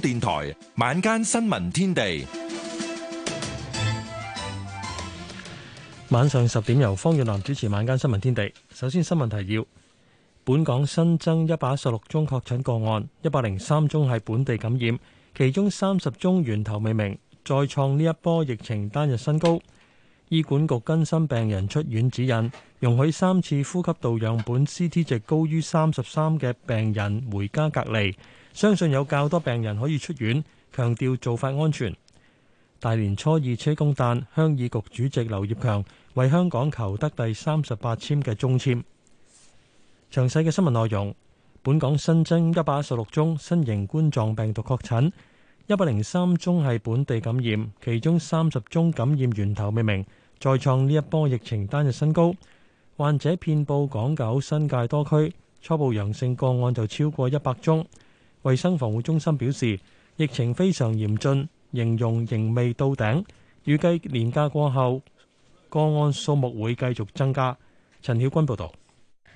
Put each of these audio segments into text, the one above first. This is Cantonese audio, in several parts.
電台晚間新聞天地，晚上十點由方月蘭主持晚間新聞天地。首先新聞提要：本港新增一百一十六宗確診個案，一百零三宗係本地感染，其中三十宗源頭未明，再創呢一波疫情單日新高。醫管局更新病人出院指引，容許三次呼吸道樣本 CT 值高於三十三嘅病人回家隔離。相信有較多病人可以出院，強調做法安全。大年初二車公誕，鄉議局主席劉業強為香港求得第三十八簽嘅中簽。詳細嘅新聞內容，本港新增一百一十六宗新型冠狀病毒確診，一百零三宗係本地感染，其中三十宗感染源頭未明，再創呢一波疫情單日新高。患者遍佈港九新界多區，初步陽性個案就超過一百宗。衛生防護中心表示，疫情非常嚴峻，形容仍未到頂，預計年假過後個案數目會繼續增加。陳曉君報導。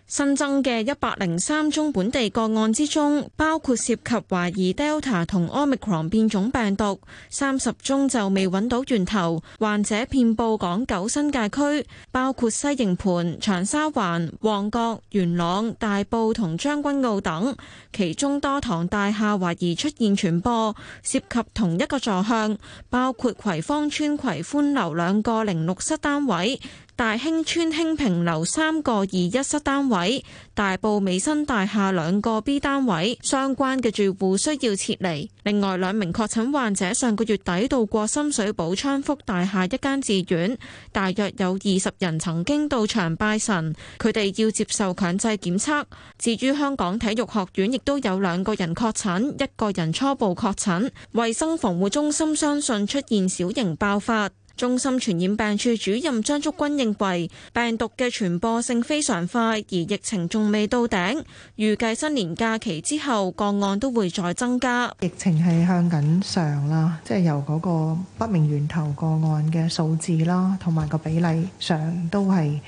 新增嘅一百零三宗本地個案之中，包括涉及懷疑 Delta 同 Omicron 變種病毒，三十宗就未揾到源頭。患者遍布港九新界區，包括西營盤、長沙灣、旺角、元朗、大埔同將軍澳等，其中多幢大廈懷疑出現傳播，涉及同一個座向，包括葵芳邨葵歡樓兩個零六室單位。大興村興平樓三個二一室單位、大埔美新大廈兩個 B 單位，相關嘅住戶需要撤離。另外兩名確診患者上個月底到過深水埗昌福大廈一間寺院，大約有二十人曾經到場拜神，佢哋要接受強制檢測。至於香港體育學院，亦都有兩個人確診，一個人初步確診，衛生防護中心相信出現小型爆發。中心傳染病處主任張竹君認為，病毒嘅傳播性非常快，而疫情仲未到頂，預計新年假期之後個案都會再增加。疫情係向緊上啦，即係由嗰個不明源頭個案嘅數字啦，同埋個比例上都係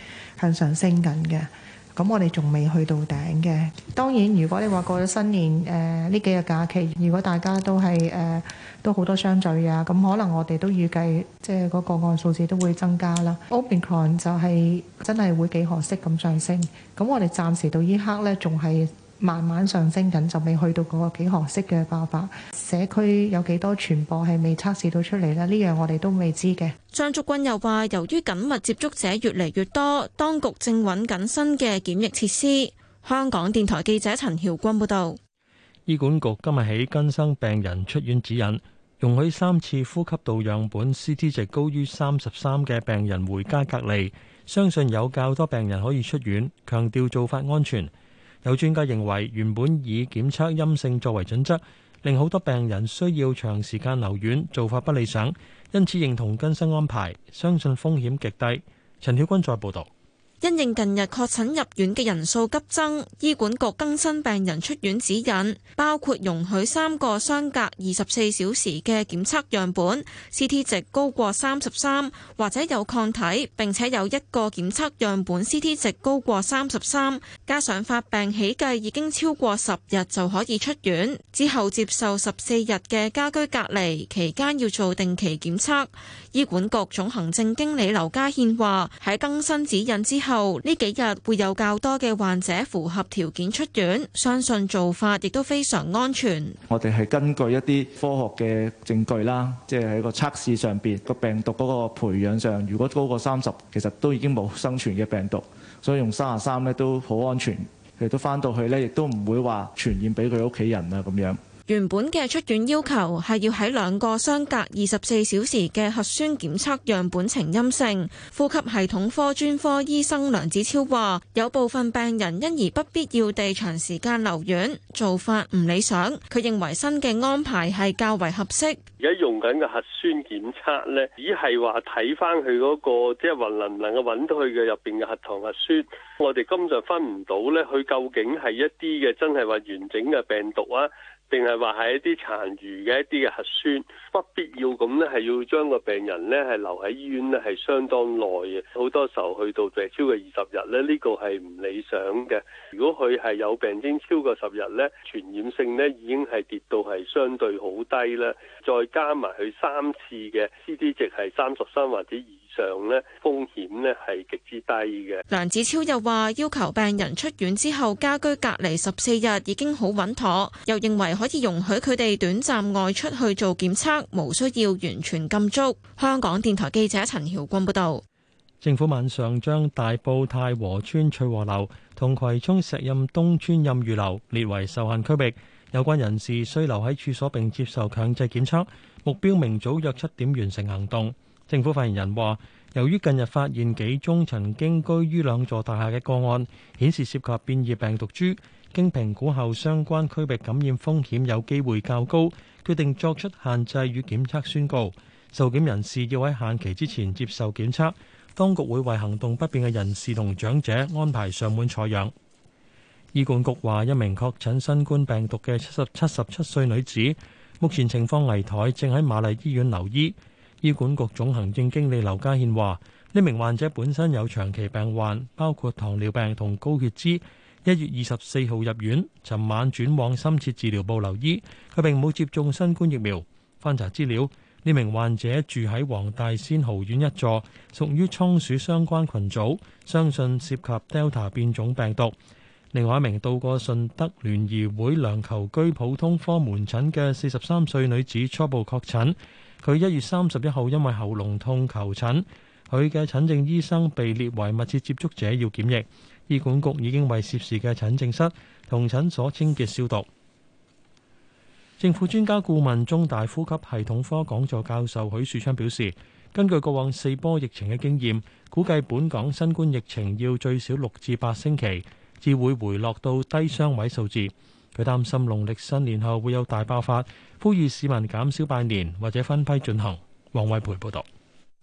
向上升緊嘅。咁我哋仲未去到頂嘅。當然，如果你話過咗新年，誒、呃、呢幾日假期，如果大家都係誒、呃、都好多相聚啊，咁可能我哋都預計即係嗰個案數字都會增加啦。Omicron 就係真係會幾可惜咁上升。咁我哋暫時到呢刻呢，仲係，慢慢上升緊，就未去到嗰個幾何式嘅爆發。社區有幾多傳播係未測試到出嚟呢？呢樣我哋都未知嘅。張竹君又話：由於緊密接觸者越嚟越多，當局正揾緊新嘅檢疫設施。香港電台記者陳曉君報道：「醫管局今日起更新病人出院指引，容許三次呼吸道樣本 CT 值高於三十三嘅病人回家隔離。相信有較多病人可以出院。強調做法安全。」有專家認為，原本以檢測陰性作為準則，令好多病人需要長時間留院，做法不理想，因此認同更新安排，相信風險極低。陳曉君再報道。因應近日確診入院嘅人數急增，醫管局更新病人出院指引，包括容許三個相隔二十四小時嘅檢測樣本，CT 值高過三十三或者有抗體，並且有一個檢測樣本 CT 值高過三十三，加上發病起計已經超過十日就可以出院，之後接受十四日嘅家居隔離，期間要做定期檢測。醫管局總行政經理劉家獻話：喺更新指引之後。後呢幾日會有較多嘅患者符合條件出院，相信做法亦都非常安全。我哋係根據一啲科學嘅證據啦，即係喺個測試上邊個病毒嗰個培養上，如果高過三十，其實都已經冇生存嘅病毒，所以用三十三咧都好安全，亦都翻到去咧，亦都唔會話傳染俾佢屋企人啊咁樣。原本嘅出院要求係要喺兩個相隔二十四小時嘅核酸檢測樣本呈陰性。呼吸系統科專科醫生梁子超話，有部分病人因而不必要地長時間留院，做法唔理想。佢認為新嘅安排係較為合適。而家用緊嘅核酸檢測呢，只係話睇翻佢嗰個即係能唔能夠揾到佢嘅入邊嘅核糖核酸，我哋根本就分唔到呢，佢究竟係一啲嘅真係話完整嘅病毒啊？定係話係一啲殘餘嘅一啲嘅核酸，不必要咁呢係要將個病人呢係留喺醫院呢係相當耐嘅，好多時候去到就係超過二十日呢，呢個係唔理想嘅。如果佢係有病徵超過十日呢，傳染性呢已經係跌到係相對好低啦。再加埋佢三次嘅 Ct 值係三十三或者二。量呢風險呢係極之低嘅。梁子超又話：要求病人出院之後家居隔離十四日已經好穩妥，又認為可以容許佢哋短暫外出去做檢測，無需要完全禁足。香港電台記者陳曉君報道。政府晚上將大埔太和村翠和樓同葵涌石蔭東村蔭裕樓列為受限區域，有關人士需留喺處所並接受強制檢測，目標明早約七點完成行動。政府發言人話，由於近日發現幾宗曾經居於兩座大廈嘅個案，顯示涉及變異病毒株，經評估後相關區域感染風險有機會較高，決定作出限制與檢測宣告。受檢人士要喺限期之前接受檢測，當局會為行動不便嘅人士同長者安排上門採樣。醫管局話，一名確診新冠病毒嘅七十七十七歲女子，目前情況危殆，正喺瑪麗醫院留醫。醫管局總行政經理劉家獻話：呢名患者本身有長期病患，包括糖尿病同高血脂。一月二十四號入院，尋晚轉往深切治療部留醫。佢並冇接種新冠疫苗。翻查資料，呢名患者住喺黃大仙豪苑一座，屬於倉鼠相關群組，相信涉及 Delta 變種病毒。另外一名到過順德聯誼會梁銶琚普通科門診嘅四十三歲女子初步確診。佢一月三十一號因為喉嚨痛求診，佢嘅診症醫生被列為密切接觸者，要檢疫。醫管局已經為涉事嘅診症室同診所清潔消毒。政府專家顧問中大呼吸系統科講座教授許樹昌表示，根據過往四波疫情嘅經驗，估計本港新冠疫情要最少六至八星期，至會回落到低雙位數字。佢擔心農曆新年後會有大爆發，呼籲市民減少拜年或者分批進行。黃偉培報導，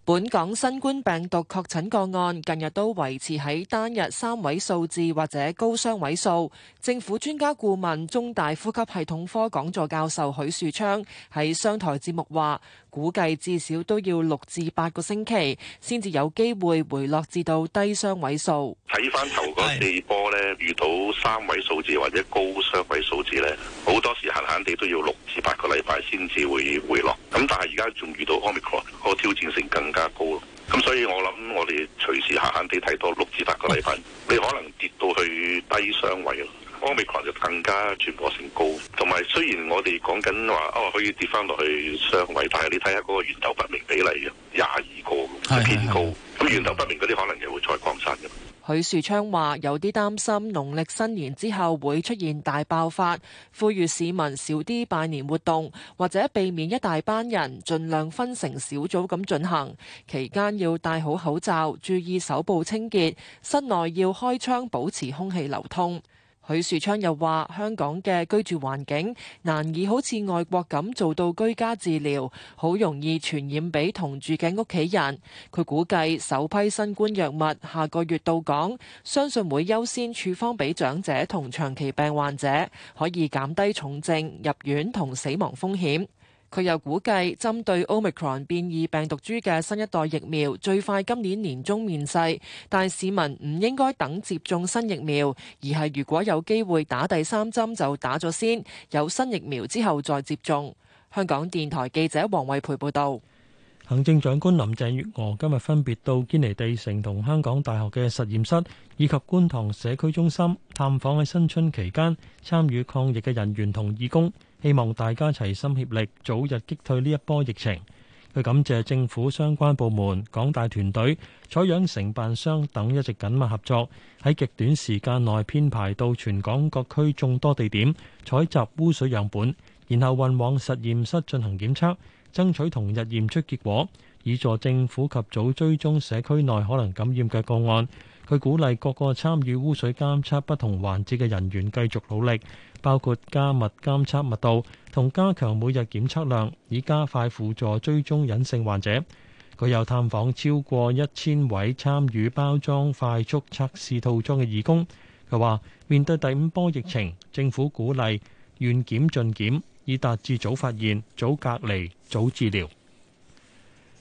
本港新冠病毒確診個案近日都維持喺單日三位數字或者高雙位數。政府專家顧問中大呼吸系統科講座教授許樹昌喺商台節目話。估計至少都要六至八個星期，先至有機會回落至到低雙位數。睇翻頭嗰四波呢，遇到三位數字或者高雙位數字呢，好多時閒閒哋都要六至八個禮拜先至會回落。咁但係而家仲遇到 omicron，個挑戰性更加高咯。咁所以我諗，我哋隨時閒閒哋睇多六至八個禮拜，你可能跌到去低雙位。光尾群就更加傳播性高，同埋雖然我哋講緊話哦，可以跌翻落去雙位，但係你睇下嗰個源頭不明比例嘅廿二個咁是偏高，咁源頭不明嗰啲可能又會再擴散嘅。許樹昌話有啲擔心，農曆新年之後會出現大爆發，呼籲市民少啲拜年活動，或者避免一大班人，盡量分成小組咁進行。期間要戴好口罩，注意手部清潔，室內要開窗，保持空氣流通。許樹昌又話：香港嘅居住環境難以好似外國咁做到居家治療，好容易傳染俾同住嘅屋企人。佢估計首批新冠藥物下個月到港，相信會優先處方俾長者同長期病患者，可以減低重症、入院同死亡風險。佢又估計，針對 Omicron 變異病毒株嘅新一代疫苗，最快今年年中面世，但市民唔應該等接種新疫苗，而係如果有機會打第三針就打咗先，有新疫苗之後再接種。香港電台記者黃慧培報道。行政長官林鄭月娥今日分別到堅尼地城同香港大學嘅實驗室以及觀塘社區中心，探訪喺新春期間參與抗疫嘅人員同義工。希望大家齊心協力，早日擊退呢一波疫情。佢感謝政府相關部門、港大團隊、採樣承辦商等一直緊密合作，喺極短時間內編排到全港各區眾多地點採集污水樣本，然後運往實驗室進行檢測，爭取同日驗出結果，以助政府及早追蹤社區內可能感染嘅個案。佢鼓勵各個參與污水監測不同環節嘅人員繼續努力，包括加密監測密度同加強每日檢測量，以加快輔助追蹤隱性患者。佢又探訪超過一千位參與包裝快速測試套裝嘅義工。佢話：面對第五波疫情，政府鼓勵願檢盡檢，以達至早發現、早隔離、早治療。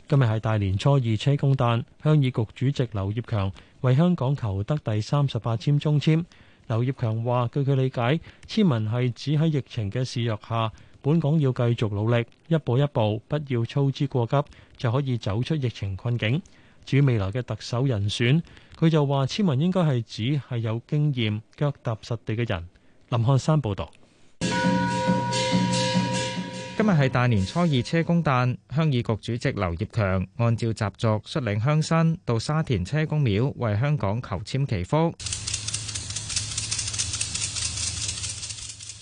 今日係大年初二，車公誕，鄉議局主席劉業強。為香港求得第三十八簽中簽，劉業強話：據佢理解，簽文係指喺疫情嘅肆虐下，本港要繼續努力，一步一步，不要操之過急，就可以走出疫情困境。至於未來嘅特首人選，佢就話簽文應該係指係有經驗、腳踏實地嘅人。林漢山報道。今日係大年初二車，車公誕，鄉議局主席劉業強按照習俗率領鄉紳到沙田車公廟為香港求簽祈福，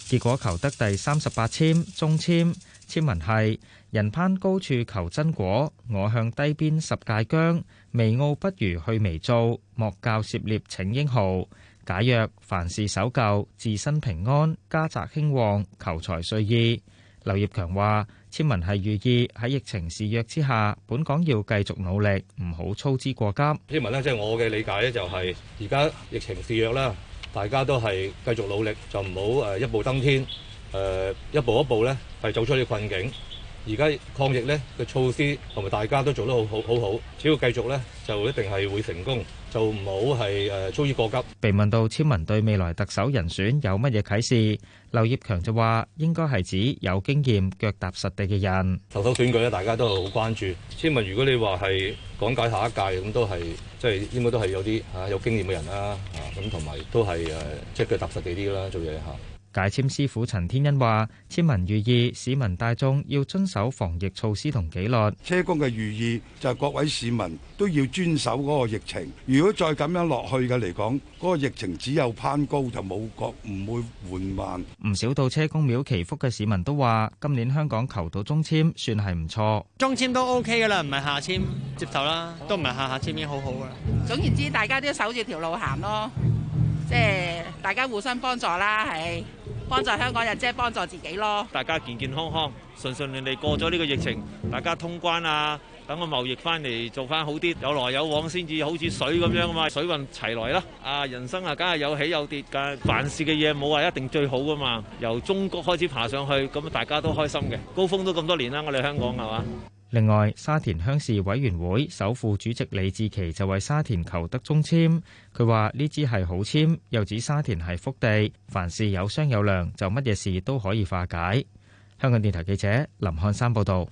結果求得第三十八簽中簽，簽文係：人攀高處求真果，我向低邊十界姜。微傲不如去微造，莫教涉獵逞英豪。解約凡事守舊，自身平安，家宅興旺，求財遂意。劉業強話，簽文係寓意喺疫情肆虐之下，本港要繼續努力，唔好操之過急。簽文咧，即係我嘅理解咧，就係而家疫情肆虐啦，大家都係繼續努力，就唔好誒一步登天，誒一步一步咧係走出呢個困境。而家抗疫咧嘅措施同埋大家都做得好好好好，只要繼續咧，就一定係會成功，就唔好係誒操之過急。被問到簽文對未來特首人選有乜嘢啟示？劉業強就話，應該係指有經驗、腳踏實地嘅人。頭頭選舉咧，大家都係好關注。請問，如果你話係講解下一屆，咁都係即係應該都係有啲吓、啊、有經驗嘅人啦，吓咁同埋都係誒，即係腳踏實地啲啦，做嘢吓。啊解籤師傅陳天恩話：簽文寓意市民大眾要遵守防疫措施同紀律。車公嘅寓意就係各位市民都要遵守嗰個疫情。如果再咁樣落去嘅嚟講，嗰個疫情只有攀高就冇覺，唔會緩慢。唔少到車公廟祈福嘅市民都話：今年香港求到中籤算係唔錯。中籤都 OK 噶啦，唔係下籤接受啦，都唔係下下籤已經好好啦。總言之，大家都要守住條路行咯。即係大家互相幫助啦，係幫助香港人，即係幫助自己咯。大家健健康康、順順利利過咗呢個疫情，大家通關啊，等個貿易翻嚟做翻好啲，有來有往先至好似水咁樣啊嘛，水運齊來啦。啊，人生啊，梗係有起有跌嘅，凡事嘅嘢冇話一定最好噶嘛。由中國開始爬上去，咁大家都開心嘅，高峰都咁多年啦，我哋香港係嘛？另外，沙田鄉事委員會首副主席李志奇就為沙田求得中籤，佢話：呢支係好籤，又指沙田係福地，凡事有商有量，就乜嘢事都可以化解。香港電台記者林漢山報導。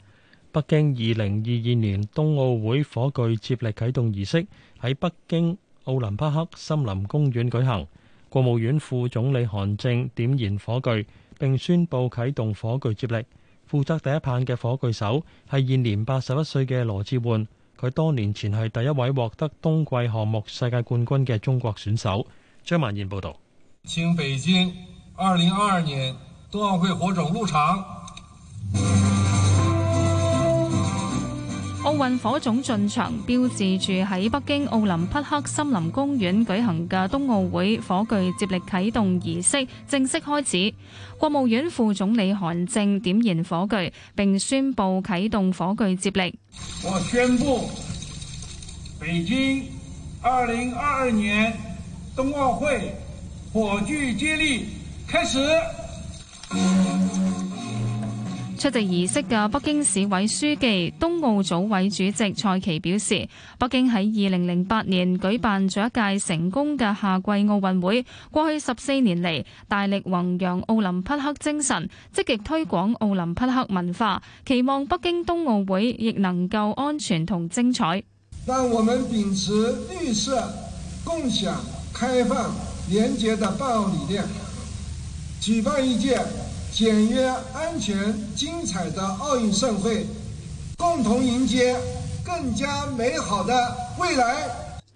北京二零二二年冬奧會火炬接力啟動儀式喺北京奧林匹克森林公園舉行，國務院副總理韓正點燃火炬並宣布啟動火炬接力。負責第一棒嘅火炬手係現年八十一歲嘅羅致煥，佢多年前係第一位獲得冬季項目世界冠軍嘅中國選手。張曼燕報道。請北京二零二二年冬奧會火種入場。奧運火種進場，標誌住喺北京奧林匹克森林公園舉行嘅冬奧會火炬接力啟動儀式正式開始。國務院副總理韓正點燃火炬，並宣布啟動火炬接力。我宣布，北京二零二二年冬奧會火炬接力開始。 出席儀式嘅北京市委書記、冬奧組委主席蔡奇表示，北京喺二零零八年舉辦咗一屆成功嘅夏季奧運會，過去十四年嚟大力弘揚奧林匹克精神，積極推廣奧林匹克文化，期望北京冬奧會亦能夠安全同精彩。讓我們秉持綠色、共享、開放、廉潔嘅辦奧理念，舉辦一屆，簡約、安全、精彩的奧運盛會，共同迎接更加美好的未來。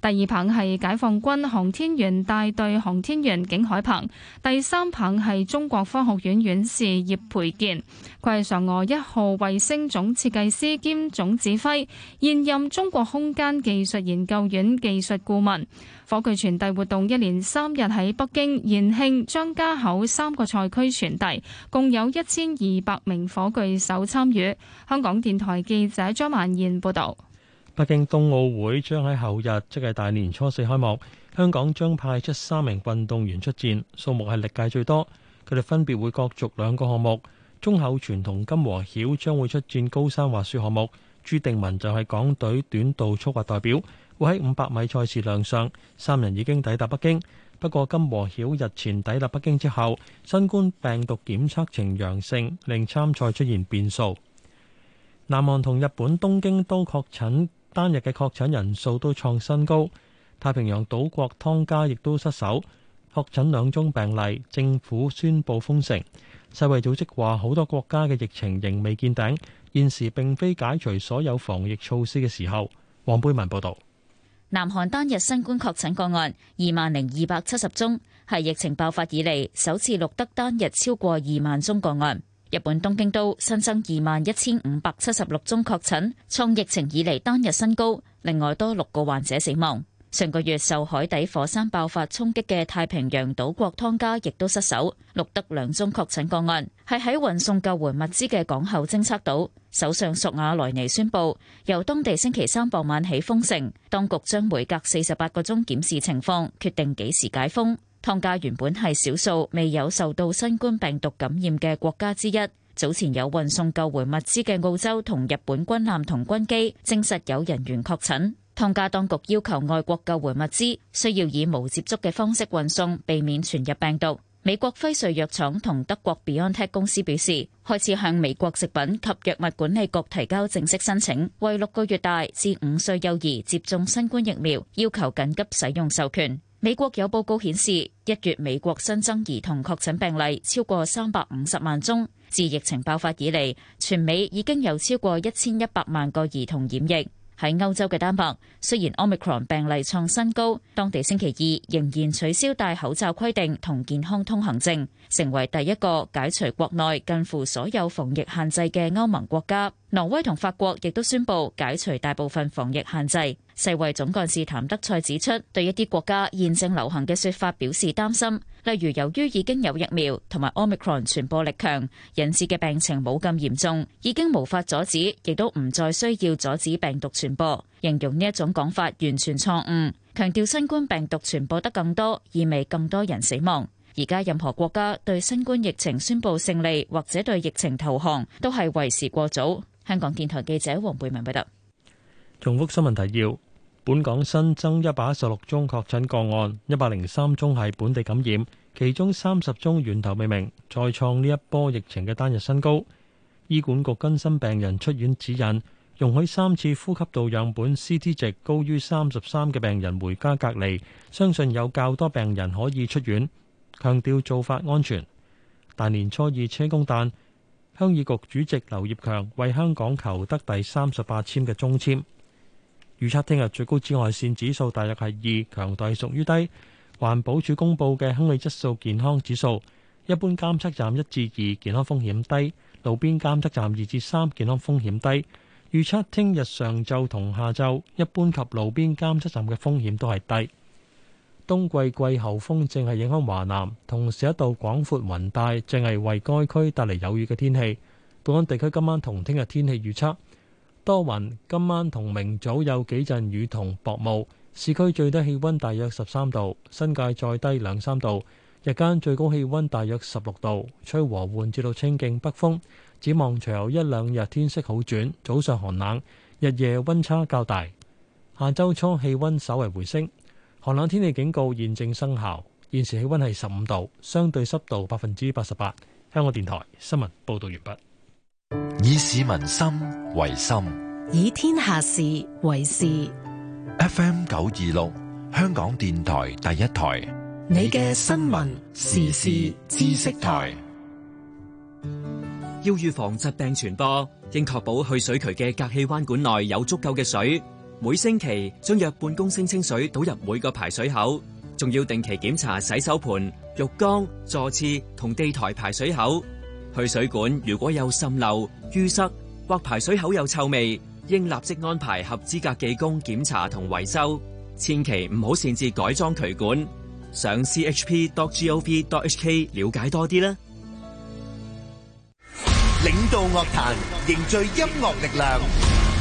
第二棒係解放軍航天員大隊航天員景海鵬，第三棒係中國科學院院士葉培建，佢係嫦娥一號衛星總設計師兼總指揮，現任中國空間技術研究院技術顧問。火炬傳遞活動一連三日喺北京、延慶、張家口三個賽區傳遞，共有一千二百名火炬手參與。香港電台記者張萬燕報導。北京冬奧會將喺後日，即係大年初四開幕。香港將派出三名運動員出戰，數目係歷屆最多。佢哋分別會角逐兩個項目：鐘厚全同金和曉將會出戰高山滑雪項目，朱定文就係港隊短道速滑代表，會喺五百米賽事亮相。三人已經抵達北京。不過，金和曉日前抵達北京之後，新冠病毒檢測呈陽性，令參賽出現變數。南韓同日本東京都確診。單日嘅確診人數都創新高，太平洋島國湯加亦都失守，確診兩宗病例，政府宣布封城。世衛組織話，好多國家嘅疫情仍未見頂，現時並非解除所有防疫措施嘅時候。黃貝文報道，南韓單日新冠確診個案二萬零二百七十宗，係疫情爆發以嚟首次錄得單日超過二萬宗個案。日本東京都新增二萬一千五百七十六宗確診，創疫情以嚟單日新高。另外多六個患者死亡。上個月受海底火山爆發衝擊嘅太平洋島國湯加亦都失守，錄得兩宗確診個案，係喺運送救援物資嘅港口偵測到。首相索瓦萊尼宣布，由當地星期三傍晚起封城，當局將每隔四十八個鐘檢視情況，決定幾時解封。湯加原本係少數未有受到新冠病毒感染嘅國家之一。早前有運送救援物資嘅澳洲同日本軍艦同軍機，證實有人員確診。湯加當局要求外國救援物資需要以無接觸嘅方式運送，避免傳入病毒。美國輝瑞藥廠同德國 BioNTech 公司表示，開始向美國食品及藥物管理局提交正式申請，為六個月大至五歲幼兒接種新冠疫苗，要求緊急使用授權。美國有報告顯示，一月美國新增兒童確診病例超過三百五十萬宗。自疫情爆發以嚟，全美已經有超過一千一百萬個兒童染疫。喺歐洲嘅丹麥，雖然 Omicron 病例創新高，當地星期二仍然取消戴口罩規定同健康通行證，成為第一個解除國內近乎所有防疫限制嘅歐盟國家。挪威同法國亦都宣布解除大部分防疫限制。世衛總幹事譚德塞指出，對一啲國家現正流行嘅說法表示擔心，例如由於已經有疫苗，同埋 Omicron 傳播力強，引致嘅病情冇咁嚴重，已經無法阻止，亦都唔再需要阻止病毒傳播，形容呢一種講法完全錯誤，強調新冠病毒傳播得更多意味更多人死亡。而家任何國家對新冠疫情宣布勝利或者對疫情投降都係為時過早。香港電台記者黃貝文報道。重複新聞提要：本港新增一百一十六宗確診個案，一百零三宗係本地感染，其中三十宗源頭未明，再創呢一波疫情嘅單日新高。醫管局更新病人出院指引，容許三次呼吸道樣本 CT 值高於三十三嘅病人回家隔離，相信有較多病人可以出院。強調做法安全。大年初二車公誕。鄉議局主席劉業強為香港求得第三十八籤嘅中籤。預測聽日最高紫外線指數大約係二，強度係屬於低。環保署公布嘅空氣質素健康指數，一般監測站一至二，健康風險低；路邊監測站二至三，健康風險低。預測聽日上晝同下晝，一般及路邊監測站嘅風險都係低。冬季季候風正係影響華南，同時一道廣闊雲帶正係為該區帶嚟有雨嘅天氣，本港地區今晚同聽日天氣預測多雲，今晚同明早有幾陣雨同薄霧，市區最低氣溫大約十三度，新界再低兩三度。日間最高氣溫大約十六度，吹和緩至到清勁北風，展望隨後一兩日天色好轉，早上寒冷，日夜溫差較大。下周初氣溫稍為回升。寒冷天氣警告現正生效，現時氣溫係十五度，相對濕度百分之八十八。香港電台新聞報道完畢。以市民心為心，以天下事為事。FM 九二六，香港電台第一台，你嘅新聞時事知識台。要預防疾病傳播，應確保去水渠嘅隔氣彎管內有足夠嘅水。每星期將約半公升清水倒入每個排水口，仲要定期檢查洗手盆、浴缸、坐廁同地台排水口。去水管如果有滲漏、淤塞或排水口有臭味，應立即安排合資格技工檢查同維修。千祈唔好擅自改裝渠管。上 chp.gov.hk 了解多啲啦。領導樂壇，凝聚音樂力量。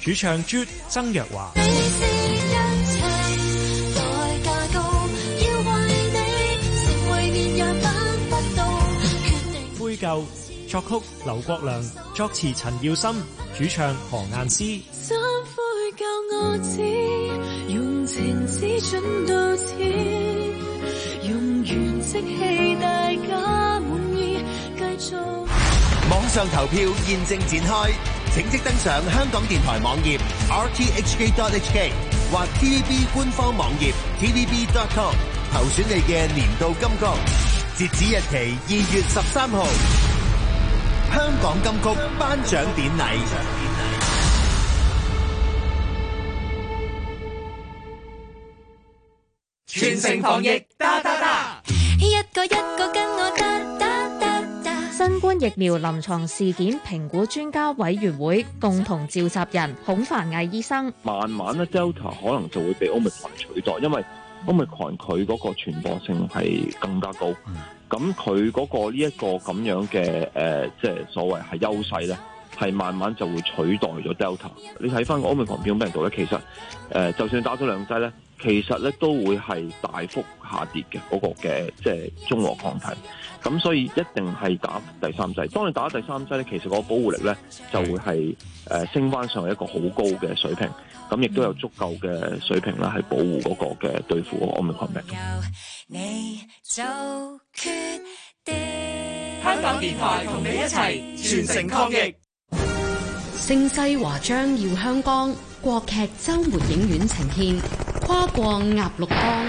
主唱朱曾若華，灰舊作曲劉國良，作詞陳耀森，主唱何雁詩。灰舊我只用情只准到此，用完即棄，大家滿意。繼續網上投票現正展開。請即登上香港電台網頁 rthk.hk 或 TVB 官方網頁 tvb.com 投選你嘅年度金曲，截止日期二月十三號。香港金曲頒獎典禮，全城防疫，噠噠噠，一個一個跟。冠疫苗臨床事件評估專家委員會共同召集人孔繁毅醫生，慢慢咧，Delta 可能就會被 omicron 取代，因為 omicron 佢嗰個傳播性係更加高，咁佢嗰個呢一、個咁樣嘅誒、呃，即係所謂係優勢咧，係慢慢就會取代咗 Delta。你睇翻 omicron 變異病毒咧，其實誒、呃，就算打咗兩劑咧。其實咧都會係大幅下跌嘅嗰、那個嘅即係中和抗體，咁所以一定係打第三劑。當你打第三劑咧，其實個保護力咧就會係誒、呃、升翻上一個好高嘅水平，咁亦都有足夠嘅水平啦，係保護嗰個嘅對付 Omicron 嘅抗體。由你做決定，香港電台同你一齊全城抗疫，盛世華章耀香港。國劇周末影院呈現《跨過鴨綠江》。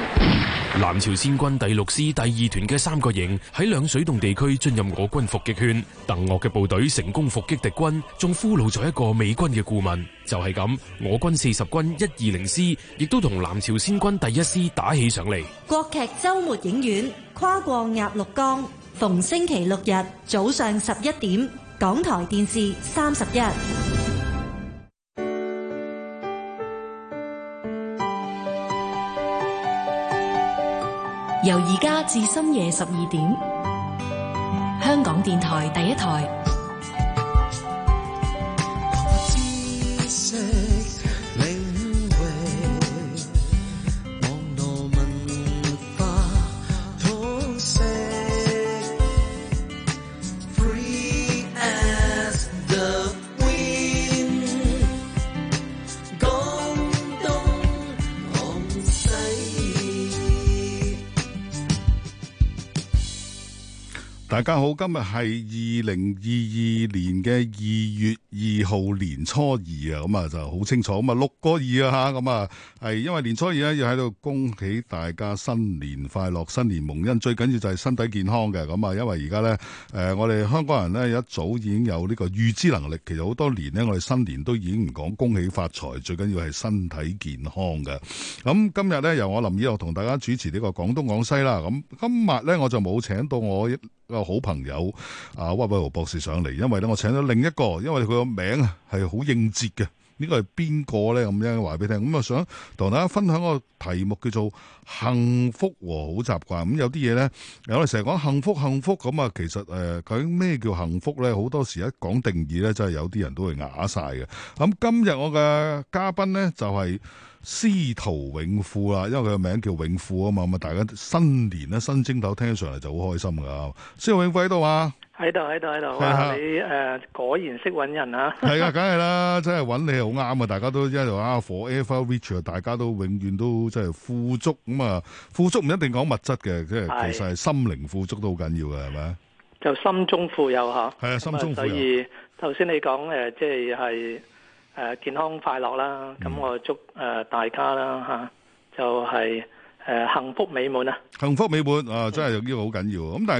南朝鮮軍第六師第二團嘅三個營喺兩水洞地區進入我軍伏擊圈，鄧岳嘅部隊成功伏擊敵軍，仲俘虜咗一個美軍嘅顧問。就係咁，我軍四十軍一二零師亦都同南朝鮮軍第一師打起上嚟。國劇周末影院《跨過鴨綠江》，逢星期六日早上十一點，港台電視三十一。由而家至深夜十二點，香港電台第一台。大家好，今日係二零二二年嘅二月二號年初二啊，咁啊就好清楚，咁啊六個二啊吓，咁啊係因為年初二咧，要喺度恭喜大家新年快樂、新年蒙恩，最緊要就係身體健康嘅，咁啊，因為而家咧，誒、呃、我哋香港人咧一早已經有呢個預知能力，其實好多年咧，我哋新年都已經唔講恭喜發財，最緊要係身體健康嘅。咁今日咧，由我林以樂同大家主持呢個廣東廣西啦。咁今日咧，我就冇請到我。個好朋友啊威威豪博士上嚟，因為咧我請咗另一個，因為佢個名係好應節嘅。呢個係邊個咧？咁樣話俾你聽，咁啊想同大家分享個題目叫做幸福和好習慣。咁有啲嘢咧，有我哋成日講幸福幸福咁啊，其實誒，究竟咩叫幸福咧？好多時一講定義咧，真係有啲人都會啞晒嘅。咁今日我嘅嘉賓咧就係司徒永富啦，因為佢個名叫永富啊嘛，咁啊大家新年咧新正頭聽上嚟就好開心㗎。司徒永富喺度啊！喺度喺度喺度，哇！你誒果然識揾人啊！係啊，梗係啦，真係揾你係好啱啊！大家都一路阿富，forever rich 啊，大家都永遠都即係富足咁啊！富足唔一定講物質嘅，即係其實係心靈富足都好緊要嘅，係咪？就心中富有吓。係啊，心中富有。咁啊，所以頭先你講誒，即係係誒健康快樂啦，咁我祝誒大家啦吓，就係誒幸福美滿啊！幸福美滿啊，真係呢個好緊要咁，但係。